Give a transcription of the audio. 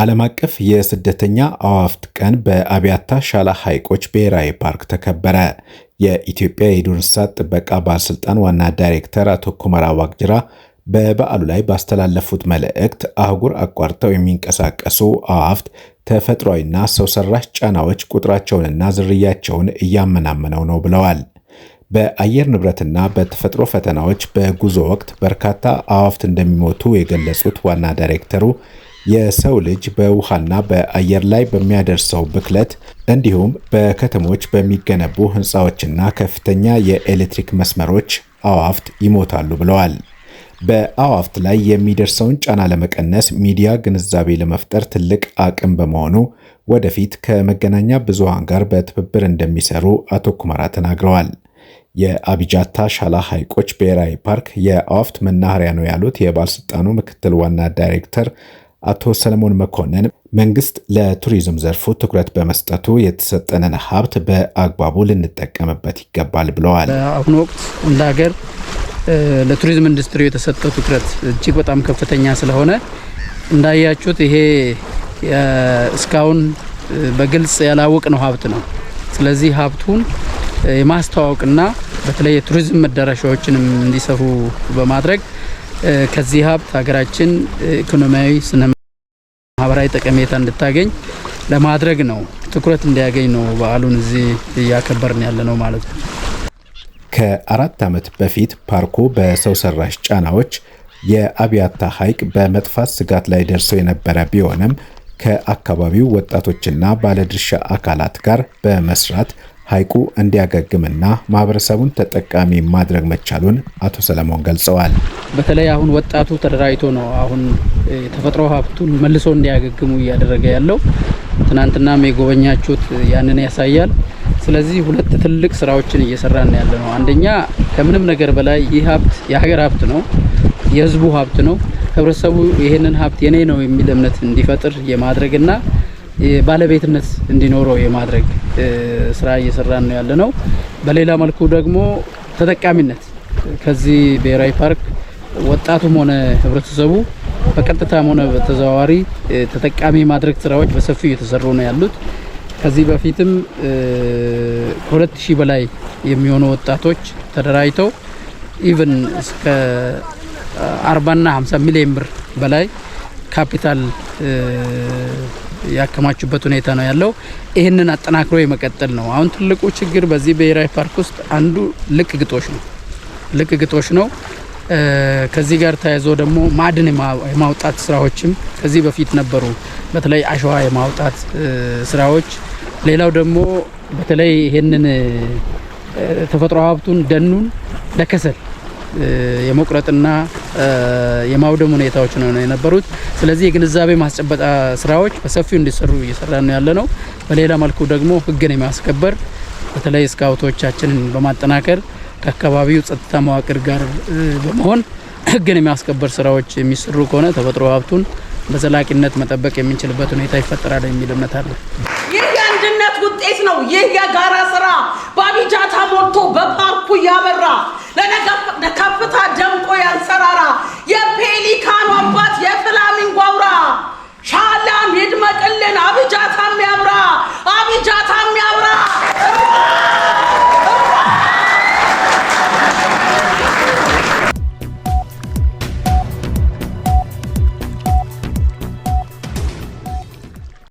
ዓለም አቀፍ የስደተኛ አዋፍት ቀን በአብያታ ሻላ ሐይቆች ብሔራዊ ፓርክ ተከበረ። የኢትዮጵያ የዱር እንስሳት ጥበቃ ባለስልጣን ዋና ዳይሬክተር አቶ ኩመራ ዋቅጅራ በበዓሉ ላይ ባስተላለፉት መልእክት አህጉር አቋርጠው የሚንቀሳቀሱ አዋፍት ተፈጥሯዊና ሰው ሰራሽ ጫናዎች ቁጥራቸውንና ዝርያቸውን እያመናመነው ነው ብለዋል። በአየር ንብረትና በተፈጥሮ ፈተናዎች በጉዞ ወቅት በርካታ አዋፍት እንደሚሞቱ የገለጹት ዋና ዳይሬክተሩ የሰው ልጅ በውሃና በአየር ላይ በሚያደርሰው ብክለት እንዲሁም በከተሞች በሚገነቡ ህንፃዎችና ከፍተኛ የኤሌክትሪክ መስመሮች አዋፍት ይሞታሉ ብለዋል። በአዋፍት ላይ የሚደርሰውን ጫና ለመቀነስ ሚዲያ ግንዛቤ ለመፍጠር ትልቅ አቅም በመሆኑ ወደፊት ከመገናኛ ብዙሃን ጋር በትብብር እንደሚሰሩ አቶ ኩመራ ተናግረዋል። የአቢጃታ ሻላ ሐይቆች ብሔራዊ ፓርክ የአዋፍት መናኸሪያ ነው ያሉት የባለስልጣኑ ምክትል ዋና ዳይሬክተር አቶ ሰለሞን መኮንን መንግስት ለቱሪዝም ዘርፉ ትኩረት በመስጠቱ የተሰጠንን ሀብት በአግባቡ ልንጠቀምበት ይገባል ብለዋል። በአሁኑ ወቅት እንደ ሀገር ለቱሪዝም ኢንዱስትሪ የተሰጠው ትኩረት እጅግ በጣም ከፍተኛ ስለሆነ እንዳያችሁት ይሄ እስካሁን በግልጽ ያላወቅ ነው ሀብት ነው። ስለዚህ ሀብቱን የማስተዋወቅና በተለይ የቱሪዝም መዳረሻዎችንም እንዲሰሩ በማድረግ ከዚህ ሀብት ሀገራችን ኢኮኖሚያዊ፣ ስነ ማህበራዊ ጠቀሜታ እንድታገኝ ለማድረግ ነው፣ ትኩረት እንዲያገኝ ነው በዓሉን እዚህ እያከበርን ያለ ነው ማለት ነው። ከአራት ዓመት በፊት ፓርኩ በሰው ሰራሽ ጫናዎች የአብያታ ሐይቅ በመጥፋት ስጋት ላይ ደርሶ የነበረ ቢሆንም ከአካባቢው ወጣቶችና ባለድርሻ አካላት ጋር በመስራት ሐይቁ እንዲያገግምና ማህበረሰቡን ተጠቃሚ ማድረግ መቻሉን አቶ ሰለሞን ገልጸዋል። በተለይ አሁን ወጣቱ ተደራጅቶ ነው አሁን የተፈጥሮ ሀብቱን መልሶ እንዲያገግሙ እያደረገ ያለው። ትናንትናም የጎበኛችሁት ያንን ያሳያል። ስለዚህ ሁለት ትልቅ ስራዎችን እየሰራን ያለ ነው። አንደኛ ከምንም ነገር በላይ ይህ ሀብት የሀገር ሀብት ነው፣ የህዝቡ ሀብት ነው። ህብረተሰቡ ይህንን ሀብት የኔ ነው የሚል እምነት እንዲፈጥር የማድረግና ባለቤትነት እንዲኖረው የማድረግ ስራ እየሰራን ነው ያለ ነው። በሌላ መልኩ ደግሞ ተጠቃሚነት ከዚህ ብሔራዊ ፓርክ ወጣቱም ሆነ ህብረተሰቡ በቀጥታም ሆነ በተዘዋዋሪ ተጠቃሚ ማድረግ ስራዎች በሰፊው እየተሰሩ ነው ያሉት። ከዚህ በፊትም ከሁለት ሺህ በላይ የሚሆኑ ወጣቶች ተደራጅተው ኢቭን እስከ አርባና ሀምሳ ሚሊዮን ብር በላይ ካፒታል ያከማቹበት ሁኔታ ነው ያለው። ይህንን አጠናክሮ የመቀጠል ነው። አሁን ትልቁ ችግር በዚህ ብሔራዊ ፓርክ ውስጥ አንዱ ልቅ ግጦሽ ነው። ልቅ ግጦሽ ነው። ከዚህ ጋር ተያይዞ ደግሞ ማዕድን የማውጣት ስራዎችም ከዚህ በፊት ነበሩ፣ በተለይ አሸዋ የማውጣት ስራዎች። ሌላው ደግሞ በተለይ ይህንን ተፈጥሮ ሀብቱን ደኑን ለከሰል የመቁረጥና የማውደም ሁኔታዎች ነው የነበሩት። ስለዚህ የግንዛቤ ማስጨበጣ ስራዎች በሰፊው እንዲሰሩ እየሰራ ነው ያለ ነው። በሌላ መልኩ ደግሞ ህግን የማስከበር በተለይ ስካውቶቻችንን በማጠናከር ከአካባቢው ጸጥታ መዋቅር ጋር በመሆን ህግን የሚያስከበር ስራዎች የሚሰሩ ከሆነ ተፈጥሮ ሀብቱን በዘላቂነት መጠበቅ የምንችልበት ሁኔታ ይፈጠራል የሚል እምነት አለ። ይህ የአንድነት ውጤት ነው። ይህ የጋራ ስራ በአቢጃ ተሞልቶ በፓርኩ እያበራ ለነገ